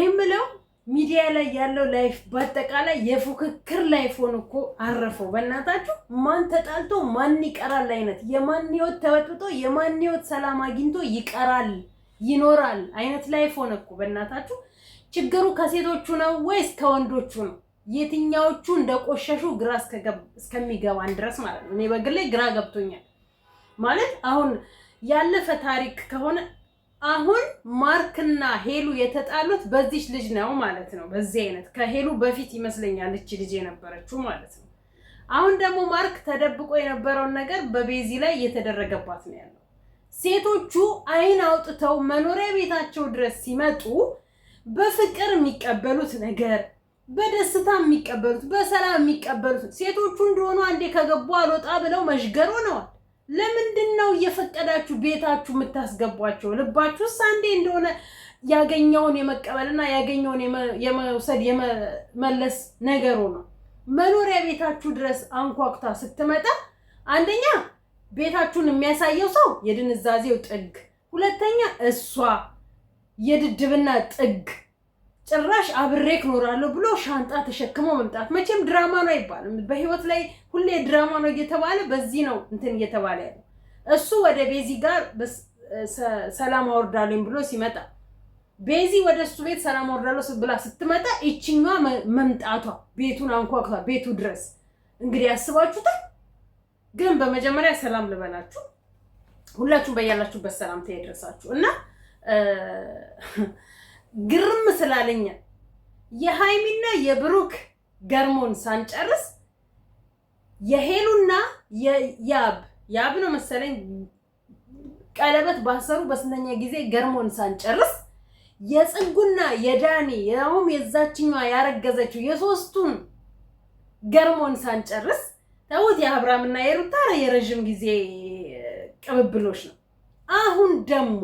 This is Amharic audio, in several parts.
እኔ የምለው ሚዲያ ላይ ያለው ላይፍ በአጠቃላይ የፉክክር ላይፍ ሆኖ እኮ አረፈው። በእናታችሁ ማን ተጣልቶ ማን ይቀራል አይነት የማን ህይወት ተበጥብጦ የማን ህይወት ሰላም አግኝቶ ይቀራል ይኖራል አይነት ላይፍ ሆነ እኮ በእናታችሁ። ችግሩ ከሴቶቹ ነው ወይስ ከወንዶቹ ነው? የትኛዎቹ እንደቆሸሹ ግራ እስከሚገባን ድረስ ማለት ነው። እኔ በግሌ ግራ ገብቶኛል ማለት አሁን ያለፈ ታሪክ ከሆነ አሁን ማርክና ሄሉ የተጣሉት በዚች ልጅ ነው ማለት ነው። በዚህ አይነት ከሄሉ በፊት ይመስለኛል እች ልጅ የነበረችው ማለት ነው። አሁን ደግሞ ማርክ ተደብቆ የነበረውን ነገር በቤዚ ላይ እየተደረገባት ነው ያለው። ሴቶቹ አይን አውጥተው መኖሪያ ቤታቸው ድረስ ሲመጡ በፍቅር የሚቀበሉት ነገር፣ በደስታ የሚቀበሉት፣ በሰላም የሚቀበሉት ሴቶቹ እንደሆኑ አንዴ ከገቡ አልወጣ ብለው መሽገር ሆነዋል። ለምንድን ነው እየፈቀዳችሁ ቤታችሁ የምታስገቧቸው? ልባችሁስ አንዴ እንደሆነ ያገኘውን የመቀበልና ያገኘውን የመውሰድ የመመለስ ነገሩ ነው። መኖሪያ ቤታችሁ ድረስ አንኳኩታ ስትመጣ አንደኛ ቤታችሁን የሚያሳየው ሰው የድንዛዜው ጥግ፣ ሁለተኛ እሷ የድድብና ጥግ ጭራሽ አብሬክ ኖራለሁ ብሎ ሻንጣ ተሸክሞ መምጣት መቼም ድራማ ነው አይባልም። በህይወት ላይ ሁሌ ድራማ ነው እየተባለ በዚህ ነው እንትን እየተባለ ያለው። እሱ ወደ ቤዚ ጋር ሰላም አወርዳለኝ ብሎ ሲመጣ ቤዚ ወደ እሱ ቤት ሰላም አወርዳለሁ ብላ ስትመጣ ይችኛ መምጣቷ ቤቱን አንኳኳ ቤቱ ድረስ እንግዲህ ያስባችሁታል። ግን በመጀመሪያ ሰላም ልበላችሁ ሁላችሁም በያላችሁበት ሰላምታ ይድረሳችሁ እና ግርም ስላለኝ የሃይሚና የብሩክ ገርሞን ሳንጨርስ የሄሉና የያብ ያብ ነው መሰለኝ ቀለበት ባሰሩ በስንተኛ ጊዜ ገርሞን ሳንጨርስ የጽጉና የዳኒ ያውም የዛችኛዋ ያረገዘችው የሶስቱን ገርሞን ሳንጨርስ ተውት። የአብርሃምና የሩታ የረዥም ጊዜ ቅብብሎች ነው። አሁን ደግሞ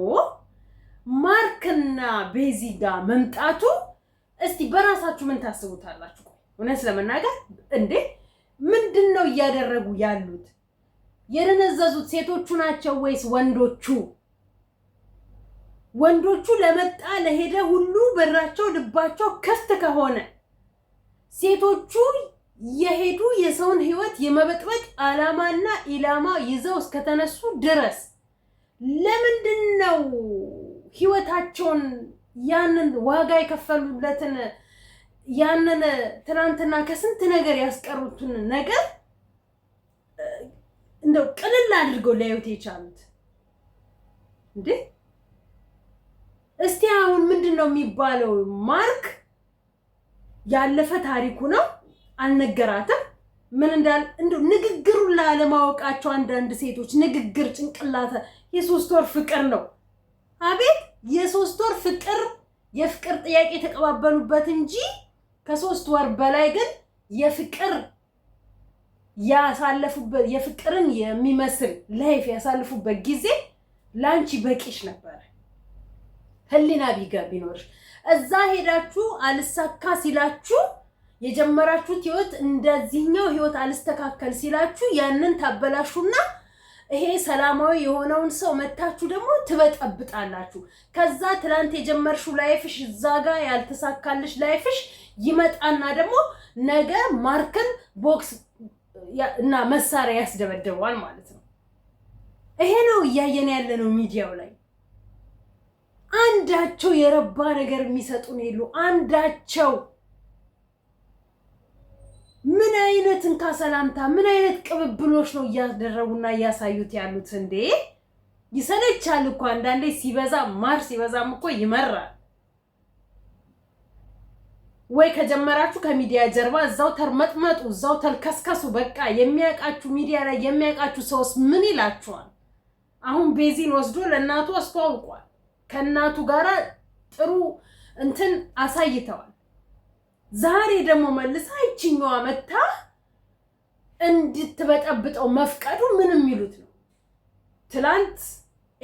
ማርክና ቤዚ ጋር መምጣቱ እስቲ በራሳችሁ ምን ታስቡታላችሁ? እውነት ለመናገር እንዴ ምንድን ነው እያደረጉ ያሉት? የደነዘዙት ሴቶቹ ናቸው ወይስ ወንዶቹ? ወንዶቹ ለመጣ ለሄደ ሁሉ በራቸው ልባቸው ክፍት ከሆነ ሴቶቹ የሄዱ የሰውን ሕይወት የመበጥበጥ ዓላማና ኢላማ ይዘው እስከተነሱ ድረስ ለምንድን ነው ህይወታቸውን ያንን ዋጋ የከፈሉለትን ያንን ትናንትና ከስንት ነገር ያስቀሩትን ነገር እንደው ቅልል አድርገው ሊያዩት የቻሉት እንዴ? እስቲ አሁን ምንድን ነው የሚባለው? ማርክ ያለፈ ታሪኩ ነው አልነገራትም። ምን እንዳል እንደው ንግግሩን ላለማወቃቸው አንዳንድ ሴቶች ንግግር ጭንቅላተ የሶስት ወር ፍቅር ነው አቤት የሶስት ወር ፍቅር የፍቅር ጥያቄ የተቀባበሉበት እንጂ ከሶስት ወር በላይ ግን የፍቅር ያሳለፉበት የፍቅርን የሚመስል ላይፍ ያሳልፉበት ጊዜ ላንቺ በቂሽ ነበረ። ህሊና ቢጋ ቢኖርሽ እዛ ሄዳችሁ አልሳካ ሲላችሁ የጀመራችሁት ህይወት እንደዚህኛው ህይወት አልስተካከል ሲላችሁ ያንን ታበላሹና ይሄ ሰላማዊ የሆነውን ሰው መታችሁ ደግሞ ትበጠብጣላችሁ። ከዛ ትናንት የጀመርሽው ላይፍሽ እዛ ጋ ያልተሳካልሽ ላይፍሽ ይመጣና ደግሞ ነገ ማርክን ቦክስ እና መሳሪያ ያስደበድበዋል ማለት ነው። ይሄ ነው እያየን ነው። ሚዲያው ላይ አንዳቸው የረባ ነገር የሚሰጡን የሉ አንዳቸው ምን አይነት እንካ ሰላምታ ምን አይነት ቅብብሎች ነው እያደረጉና እያሳዩት ያሉት እንዴ? ይሰለቻል እኮ አንዳንዴ ሲበዛ ማር ሲበዛም እኮ ይመራል። ወይ ከጀመራችሁ ከሚዲያ ጀርባ እዛው ተርመጥመጡ፣ እዛው ተልከስከሱ። በቃ የሚያውቃችሁ ሚዲያ ላይ የሚያውቃችሁ ሰውስ ምን ይላችኋል? አሁን ቤዚን ወስዶ ለእናቱ አስተዋውቋል። ከእናቱ ጋር ጥሩ እንትን አሳይተዋል። ዛሬ ደግሞ መልሳ ይችኛዋ መታ እንድትበጠብጠው መፍቀዱ ምንም የሚሉት ነው? ትላንት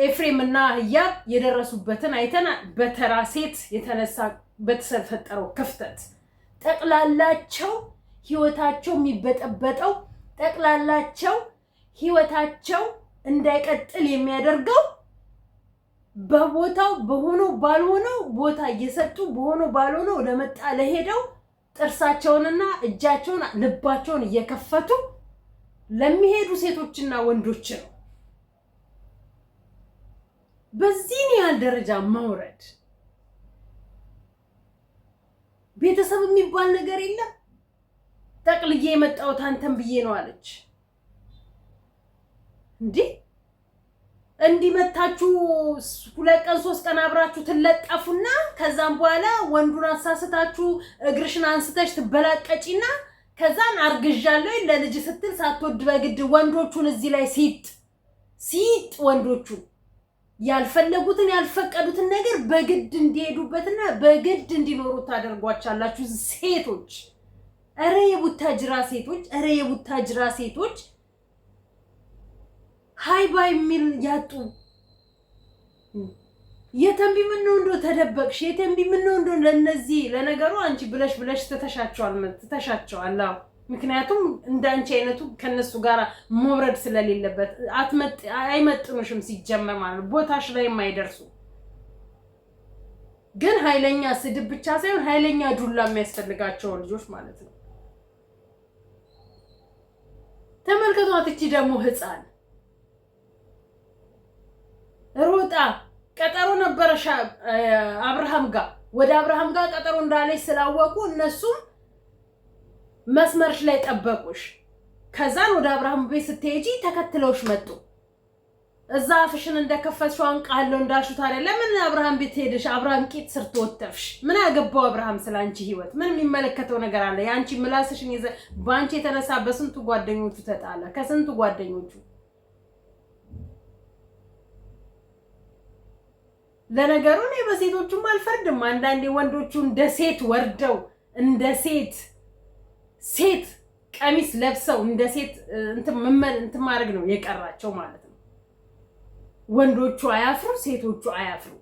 ኤፍሬም እና ህያብ የደረሱበትን አይተና በተራ ሴት የተነሳ በተፈጠረው ክፍተት ጠቅላላቸው ህይወታቸው የሚበጠበጠው ጠቅላላቸው ህይወታቸው እንዳይቀጥል የሚያደርገው በቦታው በሆነው ባልሆነው ቦታ እየሰጡ በሆነው ባልሆነው ለመጣ ለሄደው ጥርሳቸውንና እጃቸውን ልባቸውን እየከፈቱ ለሚሄዱ ሴቶችና ወንዶች ነው። በዚህን ያህል ደረጃ መውረድ፣ ቤተሰብ የሚባል ነገር የለም። ጠቅልዬ የመጣሁት አንተን ብዬ ነው አለች እንዲህ እንዲመታችሁ ሁለት ቀን ሶስት ቀን አብራችሁ ትለጠፉና ከዛም በኋላ ወንዱን አሳስታችሁ እግርሽን አንስተሽ ትበላቀጪና ከዛን አርግዣለሁ ለልጅ ስትል ሳትወድ በግድ ወንዶቹን እዚህ ላይ ሲጥ ሲጥ ወንዶቹ ያልፈለጉትን ያልፈቀዱትን ነገር በግድ እንዲሄዱበትና በግድ እንዲኖሩ ታደርጓቻላችሁ ሴቶች። እረ የቡታጅራ ሴቶች፣ እረ የቡታጅራ ሴቶች ሀይ ባይ የሚል ያጡ የተንቢ ምን ነው ተደበቅሽ? የተንቢ ምን ነው ለነዚህ ለነገሩ አንቺ ብለሽ ብለሽ ትተሻቸዋል ትተሻቸዋል። ምክንያቱም እንደ አንቺ አይነቱ ከነሱ ጋር መውረድ ስለሌለበት አይመጥኑሽም። ሲጀመር ማለት ቦታሽ ላይ የማይደርሱ ግን ኃይለኛ ስድብ ብቻ ሳይሆን ኃይለኛ ዱላ የሚያስፈልጋቸው ልጆች ማለት ነው። ተመልከቷት፣ እቺ ደግሞ ህፃን ሮጣ ቀጠሮ ነበረ አብርሃም ጋር ወደ አብርሃም ጋር ቀጠሮ እንዳለች ስላወቁ እነሱም መስመርሽ ላይ ጠበቁሽ። ከዛን ወደ አብርሃም ቤት ስትሄጂ ተከትለውሽ መጡ። እዛ አፍሽን እንደከፈትሽው አንቃለሁ እንዳልሽው፣ ታዲያ ለምን አብርሃም ቤት ሄደሽ አብርሃም ቂጥ ስር ተወተፍሽ? ምን ያገባው አብርሃም ስለ አንቺ ህይወት? ምን የሚመለከተው ነገር አለ? የአንቺ ምላስሽን ይዘ በአንቺ የተነሳ በስንቱ ጓደኞቹ ተጣለ፣ ከስንቱ ጓደኞቹ ለነገሩ እኔ በሴቶቹም አልፈርድም። አንዳንዴ ወንዶቹ እንደ ሴት ወርደው እንደ ሴት ሴት ቀሚስ ለብሰው እንደ ሴት እንትን ማድረግ ነው የቀራቸው ማለት ነው። ወንዶቹ አያፍሩ፣ ሴቶቹ አያፍሩ።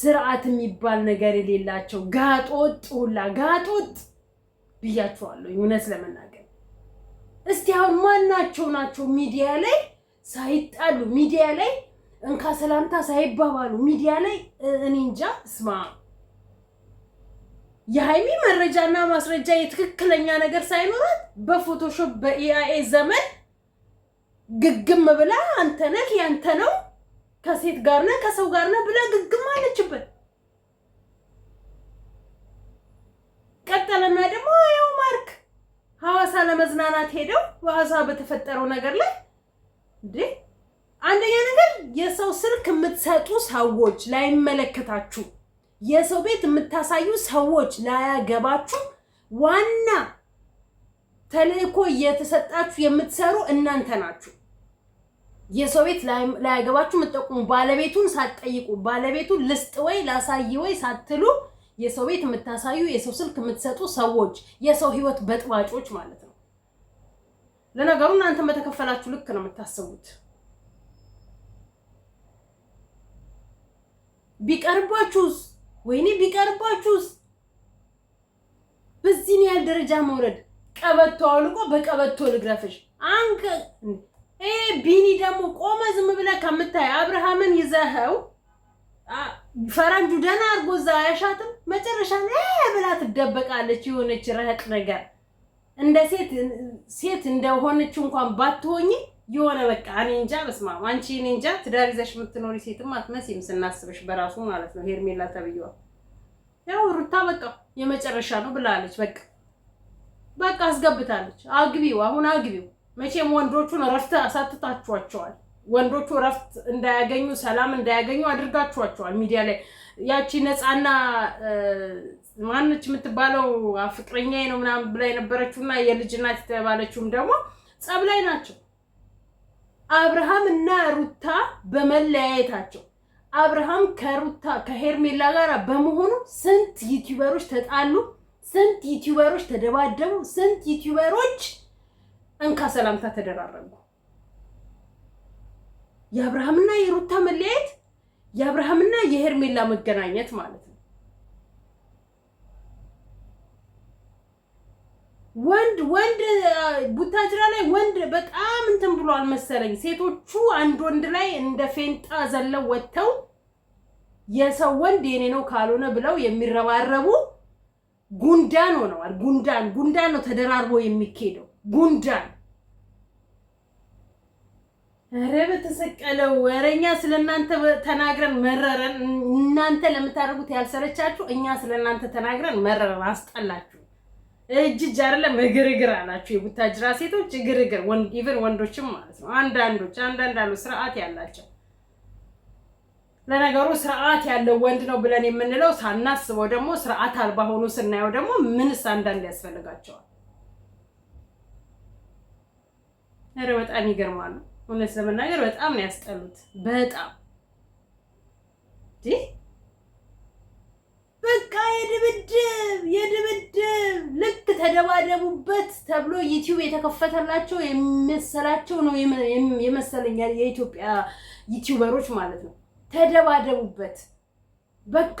ስርዓት የሚባል ነገር የሌላቸው ጋጦጥ ሁላ ጋጦጥ ብያቸዋለሁ። እውነት ለመናገር እስቲ አሁን ማናቸው ናቸው ሚዲያ ላይ ሳይጣሉ ሚዲያ ላይ እንካ ሰላምታ ሳይባባሉ ሚዲያ ላይ እኔ እንጃ። ስማ የሀይሚ መረጃና ማስረጃ የትክክለኛ ነገር ሳይኖራት በፎቶሾፕ በኢአኤ ዘመን ግግም ብላ አንተ ነህ ያንተ ነው ከሴት ጋር ነህ ከሰው ጋር ነህ ብላ ግግም አለችበት። ቀጠለና ደግሞ ያው ማርክ ሐዋሳ ለመዝናናት ሄደው ሐዋሳ በተፈጠረው ነገር ላይ እንዴ አንደኛ ነገር የሰው ስልክ የምትሰጡ ሰዎች ላይመለከታችሁ፣ የሰው ቤት የምታሳዩ ሰዎች ላያገባችሁ፣ ዋና ተልእኮ እየተሰጣችሁ የምትሰሩ እናንተ ናችሁ። የሰው ቤት ላያገባችሁ የምትጠቁሙ ባለቤቱን ሳትጠይቁ ባለቤቱን ልስጥ ወይ ላሳይ ወይ ሳትሉ የሰው ቤት የምታሳዩ የሰው ስልክ የምትሰጡ ሰዎች የሰው ሕይወት በጥባጮች ማለት ነው። ለነገሩ እናንተም በተከፈላችሁ ልክ ነው የምታስቡት። ቢቀርባችሁስ? ወይኔ ቢቀርባችሁስ? በዚህን ያህል ደረጃ መውረድ። ቀበቶ አውልቆ በቀበቶ ልግረፍሽ አንከ ይሄ ቢኒ ደግሞ ቆመ ዝም ብለህ ከምታይ አብርሃምን ይዘኸው ፈረንጁ ደህና አድርጎ እዛ አያሻትም። መጨረሻ ላይ ብላ ትደበቃለች። የሆነች ረህቅ ነገር እንደ ሴት ሴት እንደሆነች እንኳን ባትሆኝ የሆነ በቃ እኔ እንጃ አንቺ እኔ እንጃ ትዳር ይዘሽ የምትኖሪ ሴትም አትመስይም ስናስበሽ በራሱ ማለት ነው። ሄርሜላ ተብዬዋ ያው ሩታ በቃ የመጨረሻ ነው ብላለች። በቃ በቃ አስገብታለች። አግቢው፣ አሁን አግቢው። መቼም ወንዶቹን እረፍት አሳትታችኋቸዋል። ወንዶቹ እረፍት እንዳያገኙ ሰላም እንዳያገኙ አድርጋችኋቸዋል። ሚዲያ ላይ ያቺ ነፃና ማነች የምትባለው ፍቅረኛ ነው ምናምን ብላ የነበረችውና የልጅ እናት የተባለችውም ደግሞ ጸብ ላይ ናቸው። አብርሃም እና ሩታ በመለያየታቸው አብርሃም ከሩታ ከሄርሜላ ጋር በመሆኑ ስንት ዩቲዩበሮች ተጣሉ፣ ስንት ዩቲዩበሮች ተደባደቡ፣ ስንት ዩቲዩበሮች እንካ ሰላምታ ተደራረጉ። የአብርሃምና የሩታ መለያየት የአብርሃምና የሄርሜላ መገናኘት ማለት ነው። ወንድ ወንድ ቡታጅራ ላይ ወንድ በጣም እንትን ብሏል መሰለኝ። ሴቶቹ አንድ ወንድ ላይ እንደ ፌንጣ ዘለው ወጥተው የሰው ወንድ የኔ ነው ካልሆነ ብለው የሚረባረቡ ጉንዳን ሆነዋል። ጉንዳን ጉንዳን ነው ተደራርቦ የሚኬደው ጉንዳን። ኧረ በተሰቀለው ወረኛ ስለናንተ ተናግረን መረረን። እናንተ ለምታደርጉት ያልሰለቻችሁ፣ እኛ ስለናንተ ተናግረን መረረን፣ አስጠላችሁ። እጅ እጅ አይደለም እግር እግር አላችሁ። የቡታጅራ ሴቶች እግር ኢቨን ወንዶችም ማለት ነው። አንዳንዶች አንዳንድ አሉ ስርዓት ያላቸው። ለነገሩ ስርዓት ያለው ወንድ ነው ብለን የምንለው ሳናስበው ደግሞ ስርዓት አልባ ሆኖ ስናየው ደግሞ ምንስ አንዳንድ ያስፈልጋቸዋል። ኧረ በጣም ይገርማሉ። እውነት ለመናገር በጣም ነው ያስጠሉት። በጣም በቃ የድብድብ የድብድብ ልክ ተደባደቡበት ተብሎ ዩቲዩብ የተከፈተላቸው የመሰላቸው ነው የመሰለኛል። የኢትዮጵያ ዩቲዩበሮች ማለት ነው። ተደባደቡበት በቃ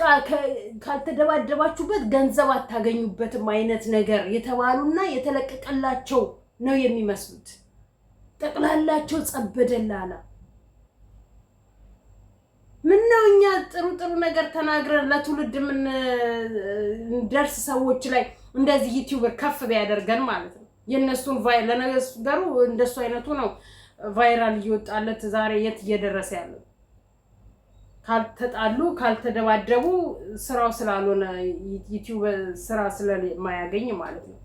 ካልተደባደባችሁበት ገንዘብ አታገኙበትም አይነት ነገር የተባሉና የተለቀቀላቸው ነው የሚመስሉት። ጠቅላላቸው ጸበደላላ ምነው እኛ ጥሩ ጥሩ ነገር ተናግረን ለትውልድ የምንደርስ ሰዎች ላይ እንደዚህ ዩቲዩበር ከፍ ቢያደርገን ማለት ነው። የእነሱን ለነገሩ እንደሱ አይነቱ ነው ቫይራል እየወጣለት ዛሬ የት እየደረሰ ያለው። ካልተጣሉ ካልተደባደቡ ስራው ስላልሆነ ዩቲዩብ ስራ ስለማያገኝ ማለት ነው።